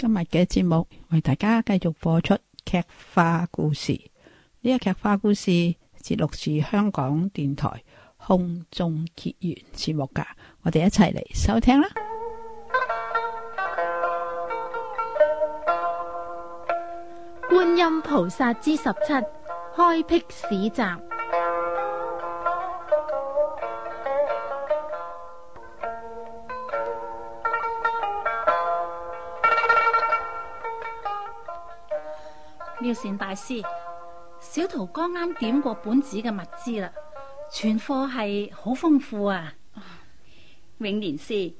今日嘅節目為大家繼續播出劇化故事，呢、這個劇化故事節錄自香港電台空中結緣節目噶，我哋一齊嚟收聽啦。觀音菩薩之十七開闢市集。妙善大師，小桃剛啱點過本子嘅物資啦，存貨係好豐富啊！哦、永年師，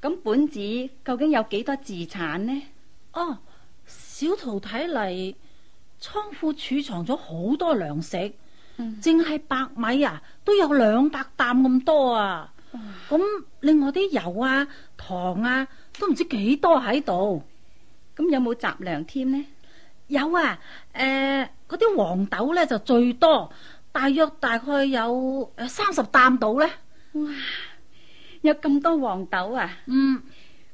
咁本子究竟有幾多自產呢？哦，小桃睇嚟，倉庫儲藏咗好多糧食，淨係白米啊都有兩百擔咁多啊！咁、嗯、另外啲油啊、糖啊都唔知幾多喺度，咁有冇雜糧添呢？有啊，誒、呃，嗰啲黃豆咧就最多，大約大概有誒三十擔到咧。呃、哇，有咁多黃豆啊！嗯，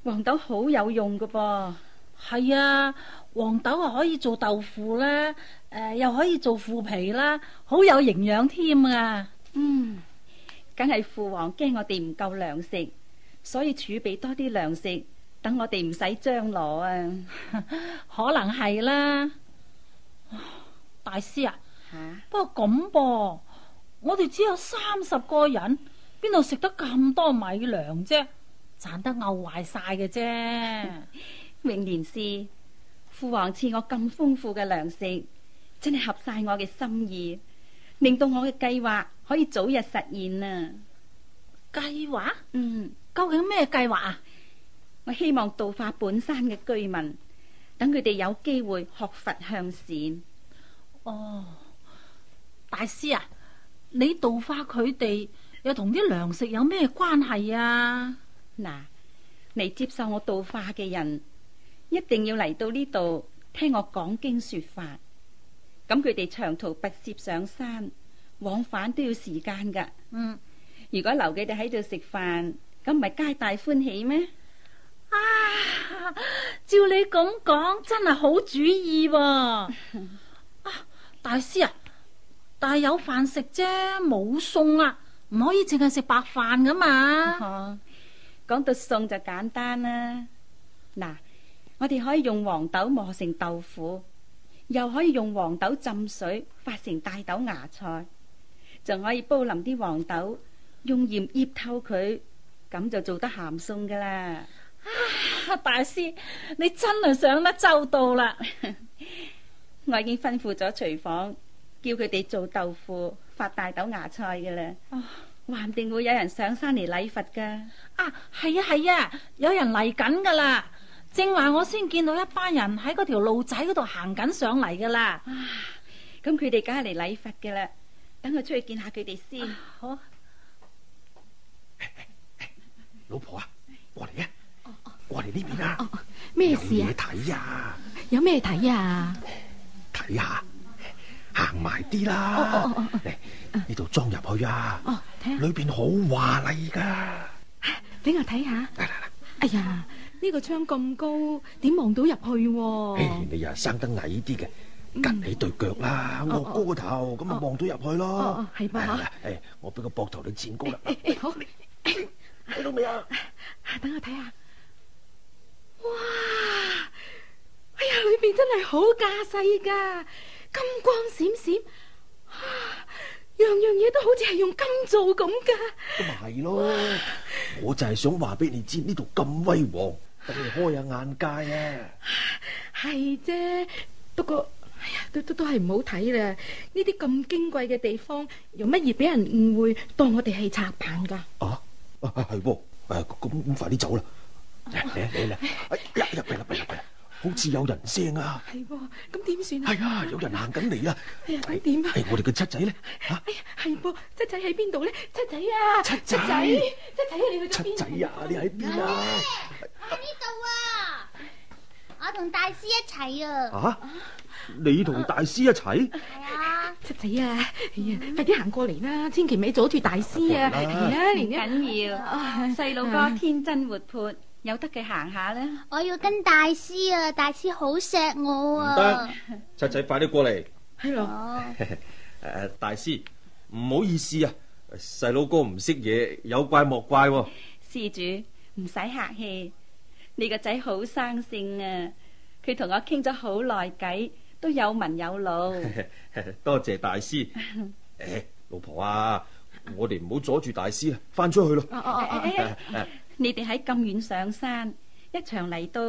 黃豆好有用噶噃。係啊，黃豆啊可以做豆腐啦、啊，誒、呃、又可以做腐皮啦、啊，好有營養添啊。嗯，梗係父皇驚我哋唔夠糧食，所以儲備多啲糧食。等我哋唔使將來啊！ 可能係是啦， 大師啊，哈不過咁噃，我哋只有三十個人，邊度食得咁多米糧啫？賺得漚壞晒嘅啫！永 年師，父皇賜我咁豐富嘅糧食，真係合晒我嘅心意，令到我嘅計劃可以早日實現啊！計劃劃？嗯，究竟咩計劃啊？我希望道化本山嘅居民，等佢哋有機會學佛向善。哦，大師啊，你道化佢哋又同啲糧食有咩關係啊？嗱，你接受我道化嘅人，一定要嚟到呢度聽我講經說法。咁佢哋長途跋涉上山，往返都要時間噶。嗯，如果留佢哋喺度食飯，咁唔係皆大歡喜咩？照你咁講，真係好主意喎！啊，大師啊，但係有飯食啫，冇餸啊，唔可以淨係食白飯噶嘛。講到餸就簡單啦。嗱，我哋可以用黃豆磨成豆腐，又可以用黃豆浸水發成大豆芽菜，仲可以煲淋啲黃豆，用鹽醃透佢，咁就做得鹹餸噶啦。唉。大師，你真係想得周到啦！ 我已經吩咐咗廚房，叫佢哋做豆腐、發大豆芽菜噶啦。哦，話唔定會有人上山嚟禮佛噶？啊，係啊係啊，有人嚟緊噶啦！正話我先見到一班人喺嗰條路仔嗰度行緊上嚟噶啦。啊，咁佢哋梗係嚟禮佛噶啦，等佢出去見下佢哋先。啊、好 hey, hey, hey, 老婆啊，過嚟啊！過嚟呢邊啊？咩事啊？有咩睇啊？睇下，行埋啲啦。嚟呢度裝入去啊。哦，睇下。裏邊好華麗噶。俾我睇下。哎呀，呢個窗咁高，點望到入去？你又生得矮啲嘅，夾你對腳啦，我高個頭，咁啊望到入去咯。係噃！我俾個膊頭你剪高啦。好。睇到未啊？等我睇下。哇！哎呀，裏邊真係好架勢噶，金光閃閃，啊，樣樣嘢都好似係用金做咁噶。咁咪係咯，我就係想話俾你知呢度咁威煌，等你開下眼界啊。係啫，不過哎呀，都都都係唔好睇啦。呢啲咁矜貴嘅地方，有乜嘢俾人誤會當我哋係賊扮噶啊，係噃，誒，咁咁快啲走啦。嚟啦嚟，哎呀入嚟啦入嚟，好似有人聲啊！係，咁點算啊？係啊，有人行緊嚟啊！點啊、 哎？係我哋嘅七仔咧吓？係噃，七仔喺邊度咧？七仔啊！七仔，七仔，七仔你去咗邊？七仔啊，你喺邊啊？喺呢度啊！ 我同大師一齊啊！啊，你同大師一齊？係啊！七仔、哎、呀啊，快啲行過嚟啦！千祈咪阻住大師啊！唔緊要，細佬哥天真活潑，有得佢行下啦。我要跟大師啊！大師好錫我啊！唔得，七仔快啲過嚟。係啊！誒，大師，唔好意思啊，細佬哥唔識嘢，有怪莫怪、啊。施主唔使客氣。你個仔好生性啊！佢同我傾咗好耐偈，都有文有路。多謝大師。誒，老婆啊，我哋唔好阻住大師啊，翻出去咯。你哋喺咁遠上山，一場嚟到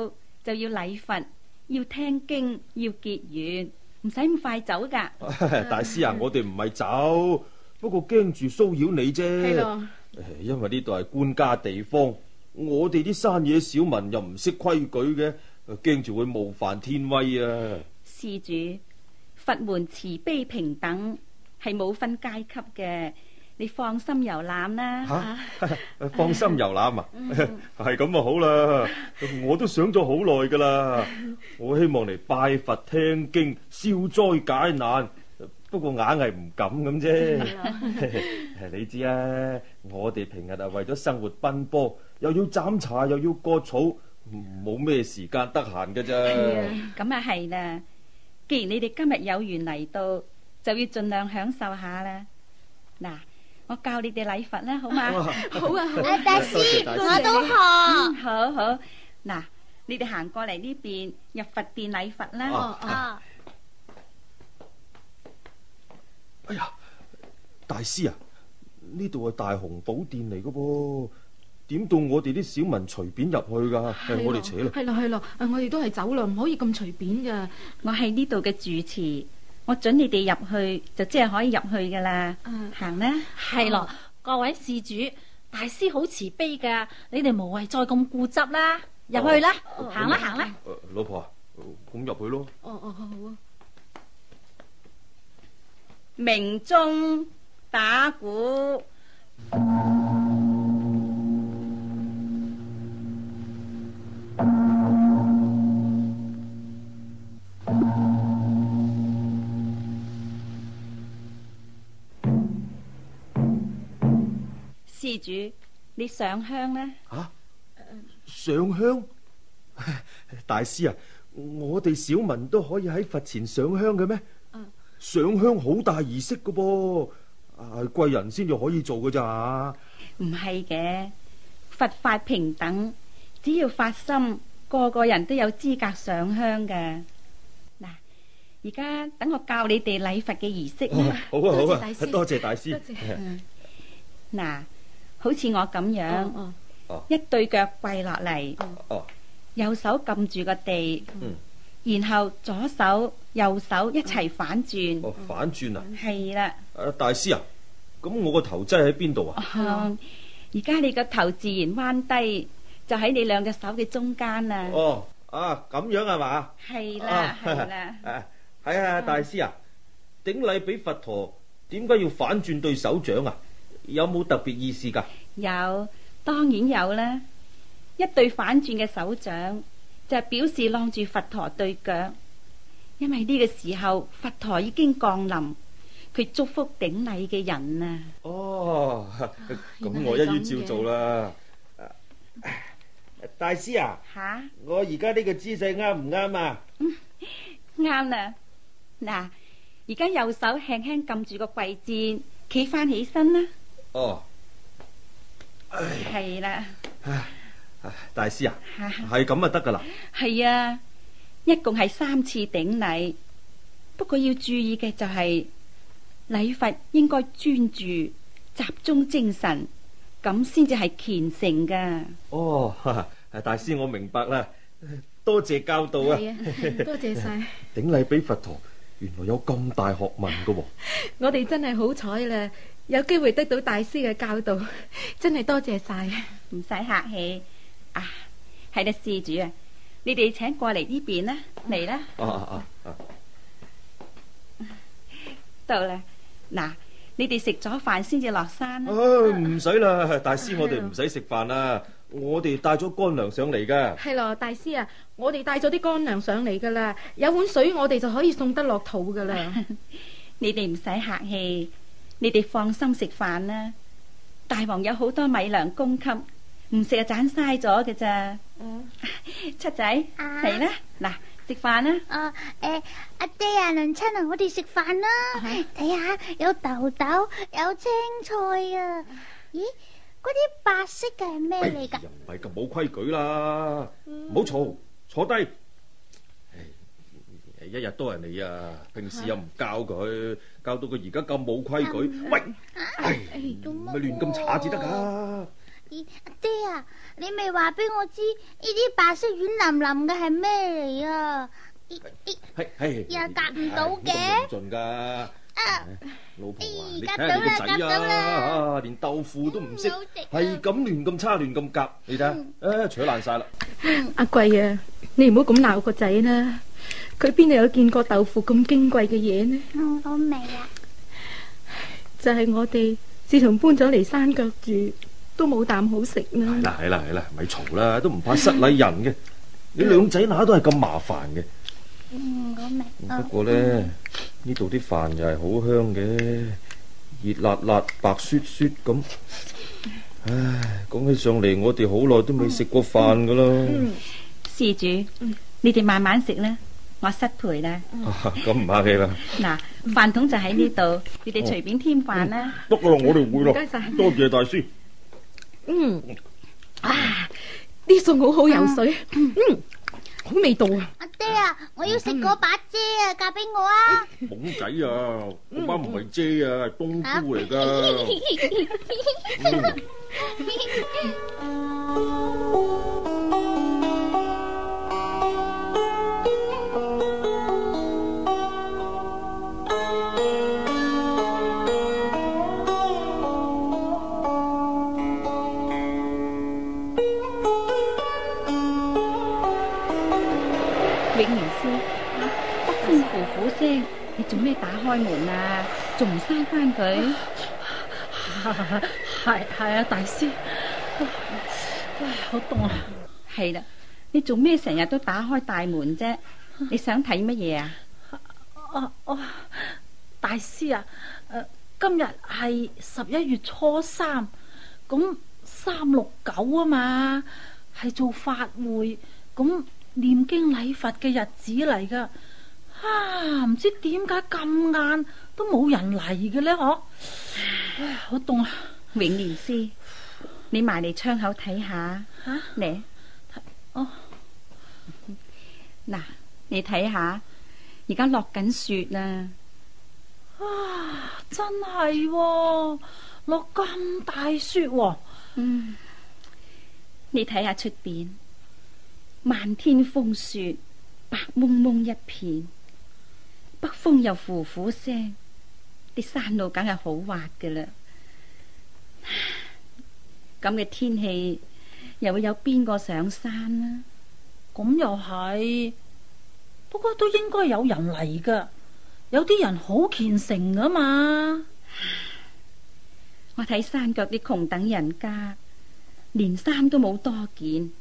就要禮佛，要聽經，要結緣，唔使咁快走噶。大師啊，我哋唔係走，不過驚住騷擾你啫。係囉！因為呢度係官家地方。我哋啲山野小民又唔識規矩嘅，驚住會冒犯天威啊！施主，佛門慈悲平等，係冇分階級嘅，你放心遊覽啦。吓，放心遊覽啊，係咁就好啦。我都想咗好耐噶啦，我希望嚟拜佛聽經，消災解難。不過硬係唔敢咁啫。你知啊，我哋平日啊為咗生活奔波。又要斬柴，又要割草，冇咩時間得閒嘅啫。係啊，咁啊係啦。既然你哋今日有緣嚟到，就要盡量享受下啦。嗱，我教你哋禮佛啦，好嘛、啊啊？好啊，哎、大師，大師我都學、嗯。好好。嗱，你哋行過嚟呢邊入佛殿禮佛啦。哦哦、啊啊啊。哎呀，大師啊，呢度係大雄寶殿嚟噶噃。點到我哋啲小民隨便入去噶？係我哋扯咯。係咯，係咯，我哋、啊啊啊、都係走咯，唔可以咁隨便噶。我喺呢度嘅住持，我准你哋入去就即係可以入去噶啦。呃、行啦。係咯、啊，哦、各位事主，大師好慈悲噶，你哋無謂再咁固執啦，入去啦，哦、行啦、嗯、行啦，行啦、呃。老婆、咁、呃、入去咯。哦哦好啊。鳴鐘打鼓。施主，你上香呢？啊，上香？大師啊，我哋小民都可以喺佛前上香嘅咩？上香好大儀式㗎噃，係貴人先至可以做嘅咋？唔係嘅，佛法平等，只要發心，個個人都有資格上香嘅。嗱，而家等我教你哋禮佛嘅儀式啦。好啊好啊，多謝大師。嗯，嗱。好似我咁樣，哦哦，一對腳跪落嚟，哦，右手撳住個地，嗯，然後左手右手一齊反轉，哦，反轉啊，係啦，誒，大師啊，咁我個頭真係喺邊度啊？而家你個頭自然彎低，就喺你兩隻手嘅中間啦。哦，啊，咁樣係嘛？係啦，係啦，係啊大師啊，頂禮俾佛陀，點解要反轉對手掌啊？有冇特別意思噶？有，當然有啦。一對反轉嘅手掌就係表示晾住佛陀對腳，因為呢個時候佛陀已經降臨，佢祝福頂禮嘅人啊。哦，咁我一於照做啦。大師啊，吓？我而家呢個姿勢啱唔啱啊？啱啊。嗱，而家右手輕輕撳住個跪墊，企翻起身啦。哦，係啦，的大師啊，係咁啊得噶啦。係啊，一共係三次頂禮，不過要注意嘅就係禮佛應該專注、集中精神，咁先至係虔誠噶。哦，大師我明白啦，多謝教導啊！多謝晒頂禮俾佛陀，原來有咁大學問噶，啊。 我哋真係好彩啦！有機會得到大師嘅教導，真係多謝晒。唔使客氣啊，係啦，施主啊，啊，啊，啊，你哋請過嚟呢邊啦，嚟啦。哦哦到啦。嗱，你哋食咗飯先至落山啊？唔使啦，大師，我哋唔使食飯啦，的我哋帶咗乾糧上嚟噶。係咯，大師啊，我哋帶咗啲乾糧上嚟噶啦，有碗水我哋就可以送得落肚噶啦。啊、你哋唔使客氣。你哋放心食飯啦，大王有好多米糧供給，唔食就盞嘥咗嘅咋七仔，嚟啦、啊，嗱，食飯啦。飯啊誒，阿、呃、爹啊，阿娘親啊，我哋食飯啦，睇下、啊、有豆豆，有青菜啊。咦，嗰啲白色嘅係咩嚟噶？又唔係咁冇規矩啦，唔好嘈，坐低。一日都係你啊！平時又唔教佢，教到佢而家咁冇規矩。喂，係咪亂咁查至得噶？阿爹啊，你咪話俾我知呢啲白色軟腍腍嘅係咩嚟啊？依依又夾唔到嘅，咁唔盡噶。老婆啊，你睇下個仔啊，連豆腐都唔識，係咁亂咁差亂咁夾。你睇下，誒，扯爛晒啦！阿貴啊，你唔好咁鬧個仔啦。佢邊度有見過豆腐咁矜貴嘅嘢呢？好味啊！就係我哋自從搬咗嚟山腳住，都冇啖好食啊。係啦係啦係啦，咪嘈啦，都唔怕失禮人嘅。你兩仔乸都係咁麻煩嘅。嗯，好味。不過咧，呢度啲飯又係好香嘅，熱辣辣、白雪雪咁。唉，講起上嚟，我哋好耐都未食過飯噶啦。施主，你哋慢慢食啦。我失陪啦，咁唔客氣啦。嗱，飯桶就喺呢度，你哋隨便添飯啦。得啦，我哋會啦。唔該晒，多謝大師。嗯，哇，啲餸好好，油水，嗯，好味道啊！阿爹啊，我要食嗰把遮啊，嫁俾我啊！懵仔啊，嗰把唔係遮啊，係冬菇嚟噶。你做咩打開門啊？仲唔閂翻佢？係係啊，大師，唉，好凍啊！係啦，你做咩成日都打開大門啫？你想睇乜嘢啊？哦哦，大師啊，今日係十一月初三，咁三六九啊嘛，係做法會，咁念經禮佛嘅日子嚟噶。啊！唔知點解咁晏都冇人嚟嘅呢？嗬！好凍啊！永年師，你埋嚟窗口睇下。吓？嚟哦。嗱，你睇下，而家落緊雪啊！啊！哎、啊看看啊真係落咁大雪，哦。嗯。你睇下出邊，漫天風雪，白蒙蒙一片。北風又呼呼聲，啲山路梗係好滑噶啦。咁嘅天氣，又會有邊個上山啊？咁又係，不過都應該有人嚟噶。有啲人好虔誠噶嘛。我睇山腳啲窮等人家，連衫都冇多件，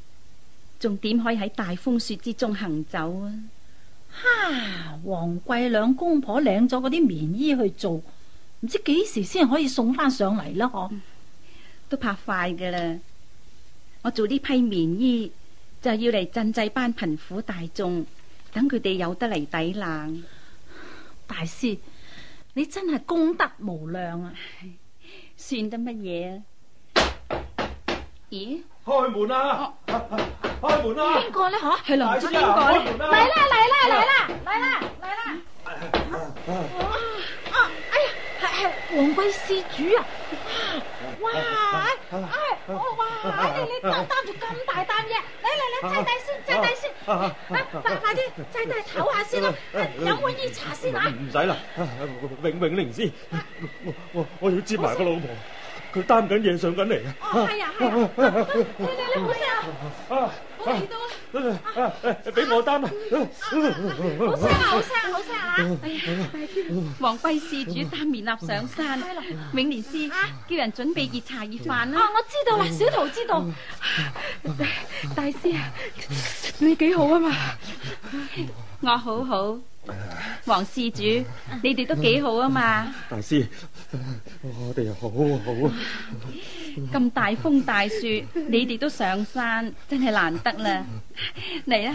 仲點可以喺大風雪之中行走啊？哈、啊！黃貴兩公婆領咗嗰啲棉衣去做，唔知幾時先可以送翻上嚟啦？嗬、啊嗯，都怕快噶啦！我做呢批棉衣就要嚟賑濟班貧苦大眾，等佢哋有得嚟抵冷。大師，你真係功德無量啊！算得乜嘢啊？咦？開門啦！開門啦！邊個咧？吓，係咯，邊個？嚟啦！嚟啦！嚟啦！嚟啦！嚟啦！啊！啊！哎呀，係係黃貴施主啊！哇！哎哎，我話你你擔住咁大擔嘢，嚟嚟嚟，擠低先，擠低先，快快啲，擠低唞下先啦，飲碗熱茶先啊！唔使啦，永永寧先，我我我要接埋個老婆。佢擔緊嘢上緊嚟啊！係啊係啊！你你好聲啊！我攰到啊！俾我擔啊！好聲啊好聲好聲啊！哎呀，大師，黃貴施主擔棉衲上山，永年施啊，叫人準備熱茶熱飯啦！啊，我知道啦，小桃知道。大師啊，你幾好啊嘛？我好好。黃施主，你哋都幾好啊嘛？大師，我哋好好。咁大風大雪，你哋都上山，真係難得啦！嚟啦，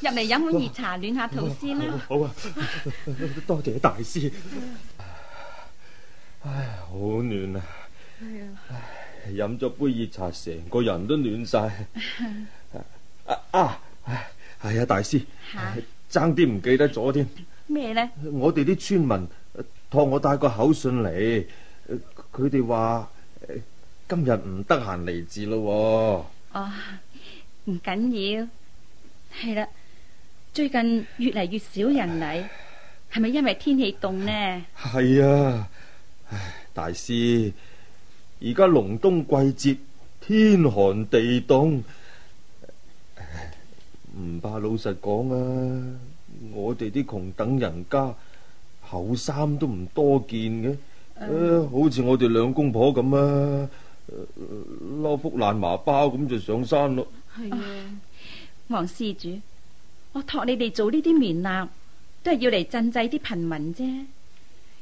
入嚟飲碗熱茶，暖下肚先啦。好啊，多謝大師。唉，好暖啊！係啊！唉，飲咗杯熱茶，成個人都暖晒。啊啊！係啊，大師。爭啲唔記得咗添。咩呢？我哋啲村民託我帶個口信嚟，佢哋話今日唔得閒嚟治咯。哦，唔緊要。係啦，最近越嚟越少人嚟，係咪唉因為天氣凍呢？係啊，唉，大師，而家隆冬季節，天寒地凍。唔怕，老實講啊！我哋啲窮等人家，厚衫都唔多件嘅，嗯、呃，好似我哋兩公婆咁啊，撈幅爛麻包咁就上山咯。係啊，啊，王施主，我託你哋做呢啲棉衲，都係要嚟賑濟啲貧民啫。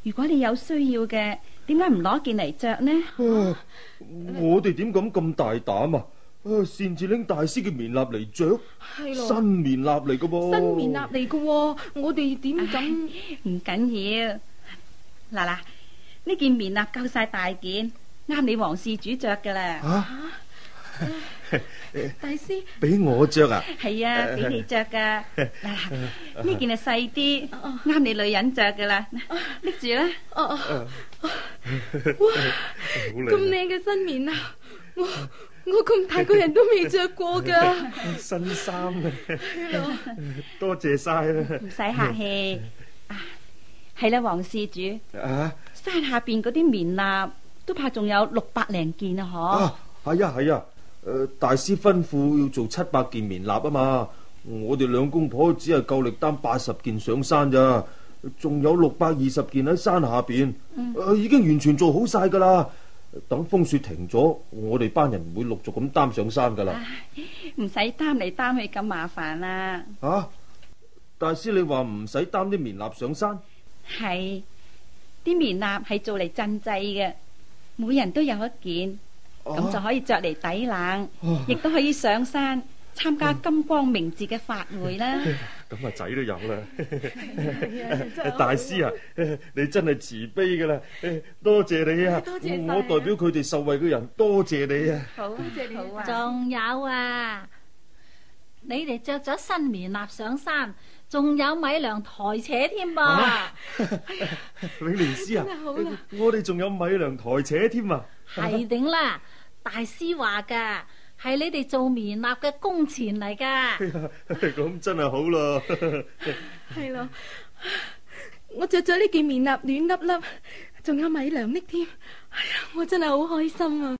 如果你有需要嘅，點解唔攞件嚟着呢？我哋點敢咁大膽啊！嗯啊！擅自拎大師嘅棉衲嚟着，新棉衲嚟嘅噃，新棉衲嚟嘅，我哋點咁唔緊要啊？嗱嗱，呢件棉衲夠晒大件，啱你黃氏主着嘅啦。啊！大師，俾我着啊？係啊，俾你着噶。嗱，呢件係細啲，啱你女人着嘅啦。拎住啦。哦哦。哇！咁靚嘅新棉啊！哇！我咁大個人都未着過噶， 新衫服啊！ 多謝晒 instagram 啦，唔使 客氣。係 啦， 黃施主，山下邊嗰啲棉衲都怕仲有六百零件啊，嗬？係啊係啊，誒、啊啊啊，大師吩咐要做七百件棉衲啊嘛，我哋兩公婆只係夠力擔八十件上山咋，仲有六百二十件喺山下邊，啊，已經完全做好晒噶啦。等風雪停咗，我哋班人唔會陸續咁擔上山噶啦。唔使擔嚟擔去咁麻煩啦、啊。吓、啊，大師你話唔使擔啲棉衲上山？係，啲棉衲係做嚟鎮制嘅，每人都有一件，咁、啊、就可以着嚟抵冷，亦都、啊、可以上山。參加金光明節嘅法會啦，咁啊仔都有啦。大師啊，你真係慈悲噶啦，多謝你啊！我代表佢哋受惠嘅人多謝你啊！好，多謝你。仲有啊，你哋着咗新棉衲上山，仲有米糧抬扯添噃。永連師啊，我哋仲有米糧抬扯添啊。係頂啦，大師話噶。係你哋做棉衲嘅工錢嚟噶，咁、哎、真係好咯。係 咯，我着咗呢件棉衲暖粒粒，仲有米糧呢添。哎呀，我真係好開心啊！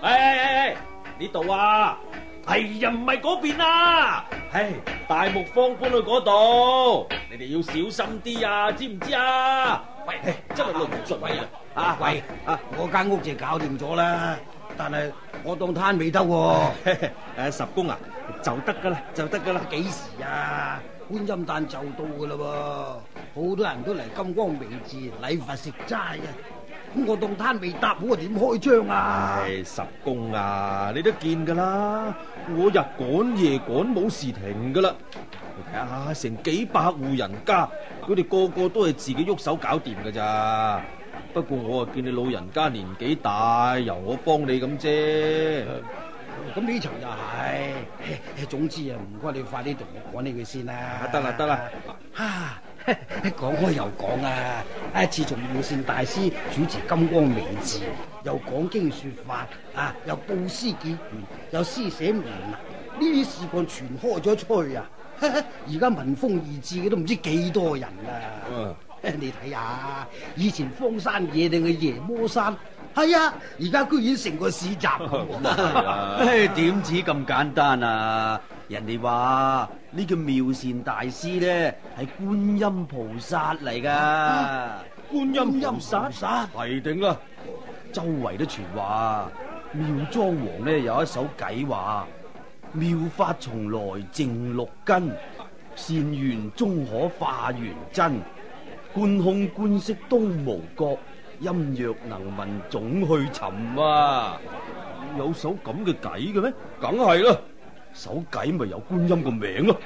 哎哎哎，呢、哎、度、哎、啊，係、哎、呀，唔係嗰邊啊。唉、哎，大木方搬去嗰度，你哋要小心啲啊，知唔知啊？喂，哎、真係亂咁做鬼啊喂！啊，我間屋就搞掂咗啦，但係我當攤未得喎。誒，十公啊，就得噶啦，就得噶啦，幾時啊？觀音誕就到噶啦，好多人都嚟金光明寺禮佛食齋嘅，咁我當攤未搭好，我點開張啊？十公啊，你都見噶啦，我日趕夜趕冇時停噶啦，啊，你睇下成幾百戶人家，佢哋個個都係自己喐手搞掂噶咋。不過我啊見你老人家年紀大，由我幫你咁啫。咁呢層就係，總之啊，唔該你快啲同我講呢句先啦。得啦得啦，吓講開又講啊，自從妙善大師主持金光明字，又講經說法啊，又布施結緣，又施捨名，呢啲事幹，全開咗出去啊，而家聞風而至嘅都唔知幾多人啊。啊 你睇下，以前荒山野嶺嘅夜魔山，係啊，而家居然成個市集。點、 哎、止咁簡單啊？人哋話呢個妙善大師咧，係觀音菩薩嚟噶、嗯。觀音菩薩係薩定啊？周圍都傳話，妙莊王咧有一首偈話：妙法從來淨六根，善緣終可化圓真。觀空觀色都無覺，音若能聞總去尋啊！有首咁嘅偈嘅咩？梗係啦，首偈咪有觀音個名咯。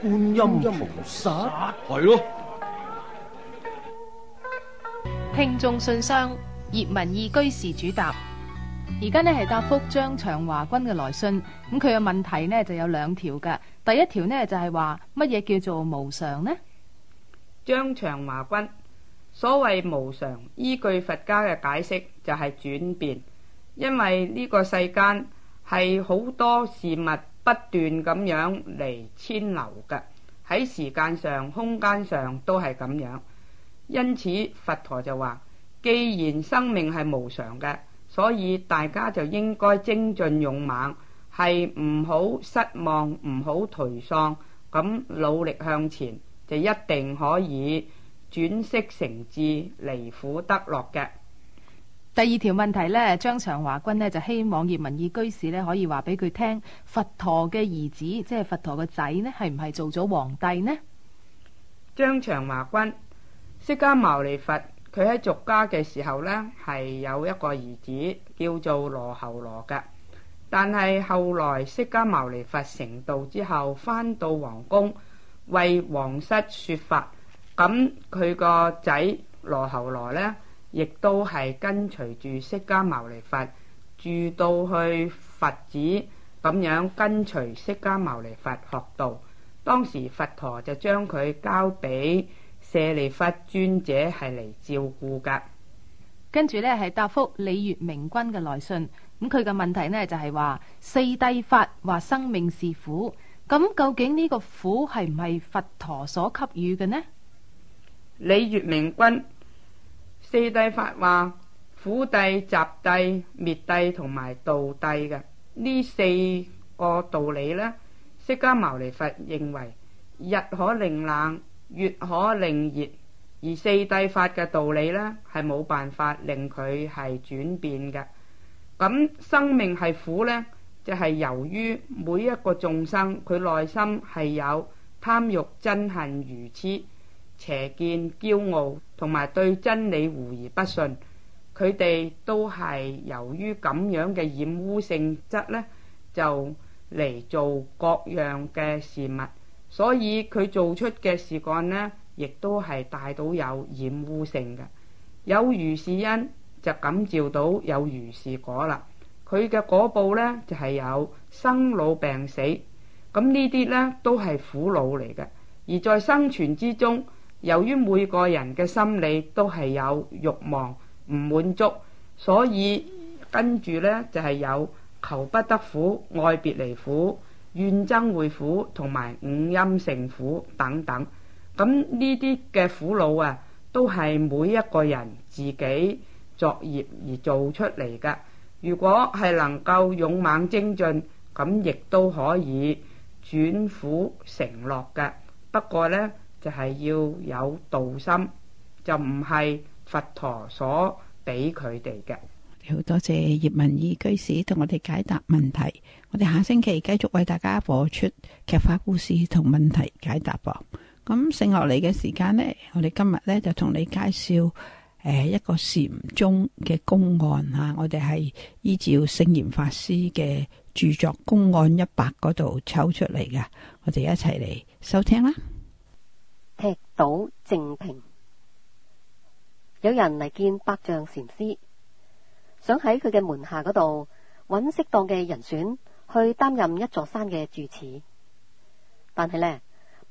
觀音無殺，係咯。聽眾信箱，葉文義居士主答。而家呢係答復張長華君嘅來信。咁佢嘅問題呢就有兩條噶。第一條呢就係話乜嘢叫做無常呢？張長華君，所謂無常，依據佛家嘅解釋就係轉變，因為呢個世間係好多事物不斷咁樣嚟遷流嘅，喺時間上、空間上都係咁樣。因此佛陀就話：既然生命係無常嘅，所以大家就應該精進勇猛，係唔好失望，唔好頹喪，咁努力向前。就一定可以轉識成智離苦得樂嘅。第二條問題呢，張長華君呢，就希望葉民意居士呢，可以話俾佢聽，佛陀嘅兒子即係佛陀個仔呢，係唔係做咗皇帝呢？張長華君，釋迦牟尼佛佢喺俗家嘅時候呢，係有一個兒子叫做羅侯羅嘅，但係後來釋迦牟尼佛成道之後，返到皇宮。為皇室說法，咁佢個仔羅侯羅呢，亦都係跟隨住釋迦牟尼佛住到去佛寺咁樣，跟隨釋迦牟尼佛學道。當時佛陀就將佢交俾舍利弗尊者係嚟照顧噶。跟住呢，係答覆李月明君嘅來信，咁佢嘅問題呢，就係、是、話四諦法話生命是苦。咁究竟呢個苦係唔係佛陀所給予嘅呢？李月明君，四諦法話苦諦、集諦、滅諦同埋道諦嘅呢四個道理呢，釋迦牟尼佛認為日可令冷，月可令熱，而四諦法嘅道理呢，係冇辦法令佢係轉變嘅。咁生命係苦呢。就係由於每一個眾生佢內心係有貪欲、憎恨、愚痴、邪見、驕傲，同埋對真理狐疑不信，佢哋都係由於咁樣嘅染污性質呢就嚟做各樣嘅事物，所以佢做出嘅事幹呢，亦都係帶到有染污性嘅。有如是因，就感召到有如是果啦。佢嘅果報呢就係有生老病死，咁呢啲呢都係苦惱嚟嘅。而在生存之中，由於每個人嘅心理都係有慾望唔滿足，所以跟住呢就係有求不得苦、愛別離苦、怨憎會苦同埋五陰成苦等等。咁呢啲嘅苦惱啊，都係每一個人自己作業而做出嚟噶。如果係能夠勇猛精進，咁亦都可以轉苦成樂嘅。不過呢，就係要有道心，就唔係佛陀所俾佢哋嘅。好多謝葉文義居士同我哋解答問題。我哋下星期繼續為大家播出劇法故事同問題解答噃。咁剩落嚟嘅時間呢，我哋今日呢就同你介紹。誒，一個禪宗嘅公案啊。我哋係依照聖嚴法師嘅著作《公案一百》嗰度抽出嚟噶，我哋一齊嚟收聽啦。踢倒淨瓶，有人嚟見百丈禪師，想喺佢嘅門下嗰度揾適當嘅人選去擔任一座山嘅住持，但係呢，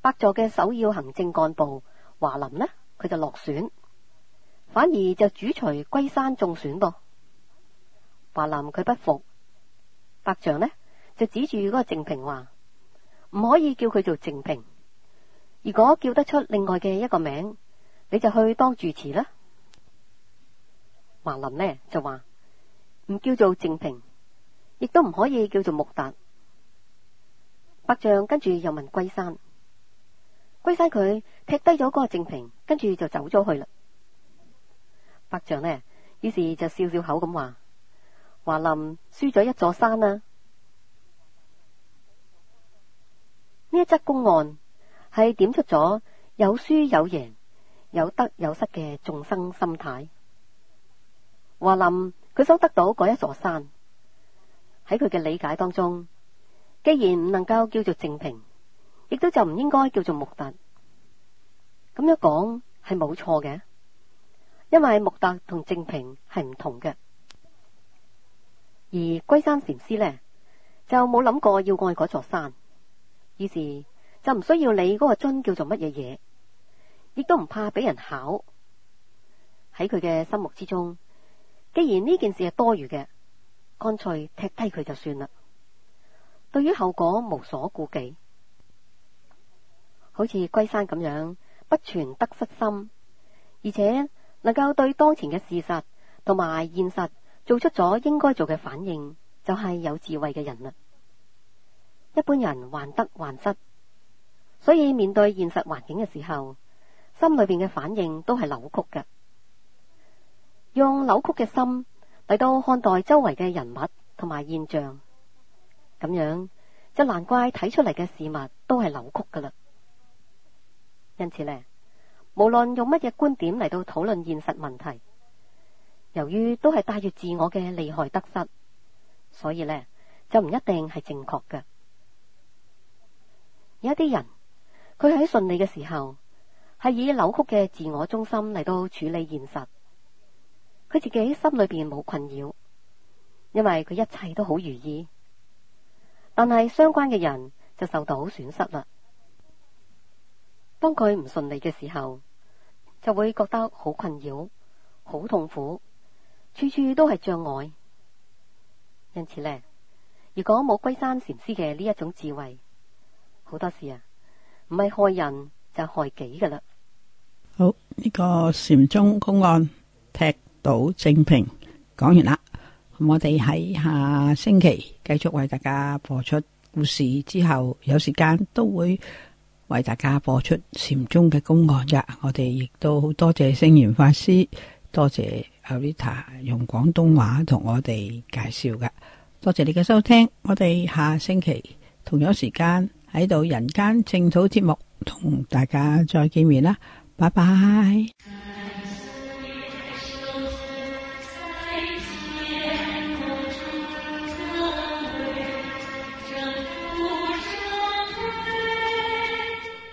百座嘅首要行政幹部華林呢，佢就落選。反而就住持龜山中選噃。華林佢不服，白象呢就指住嗰個靜平話，唔可以叫佢做靜平，如果叫得出另外嘅一個名，你就去當住持啦。華林呢就話唔叫做靜平，亦都唔可以叫做木達。白象跟住又問龜山，龜山佢踢低咗嗰個靜平，跟住就走咗去啦。百丈呢？於是就笑笑口咁話：華林輸咗一座山啦、啊。呢一則公案係點出咗有輸有贏、有得有失嘅眾生心態。華林佢想得到嗰一座山，喺佢嘅理解當中，既然唔能夠叫做正平，亦都就唔應該叫做木達。咁樣講係冇錯嘅。因為木達同正平係唔同嘅，而龜山禪師呢，就冇諗過要愛嗰座山，於是就唔需要理嗰個樽叫做乜嘢嘢，亦都唔怕俾人考。喺佢嘅心目之中，既然呢件事係多餘嘅，乾脆踢低佢就算啦。對於後果無所顧忌，好似龜山咁樣，不存得失心，而且。能夠對當前嘅事實同埋現實做出咗應該做嘅反應，就係、是、有智慧嘅人啦。一般人患得患失，所以面對現實環境嘅時候，心裏邊嘅反應都係扭曲嘅。用扭曲嘅心嚟到看待周圍嘅人物同埋現象，咁樣就難怪睇出嚟嘅事物都係扭曲噶啦。因此呢。無論用乜嘢觀點嚟到討論現實問題，由於都係帶住自我嘅利害得失，所以呢就唔一定係正確嘅。有一啲人，佢喺順利嘅時候，係以扭曲嘅自我中心嚟到處理現實，佢自己喺心裏邊冇困擾，因為佢一切都好如意，但係相關嘅人就受到損失啦。當佢唔順利嘅時候，就會覺得好困擾、好痛苦，處處都係障礙。因此呢，如果冇龜山禪師嘅呢一種智慧，好多事啊，唔係害人就害己噶啦。好，呢、這個禪宗公案踢倒淨瓶講完啦，我哋喺下星期繼續為大家播出故事，之後有時間都會。為大家播出禪宗嘅公案呀！我哋亦都好多謝星雲法師，多謝阿 Rita 用廣東話同我哋介紹噶，多謝你嘅收聽，我哋下星期同樣時間喺度人間淨土節目同大家再見面啦，拜拜。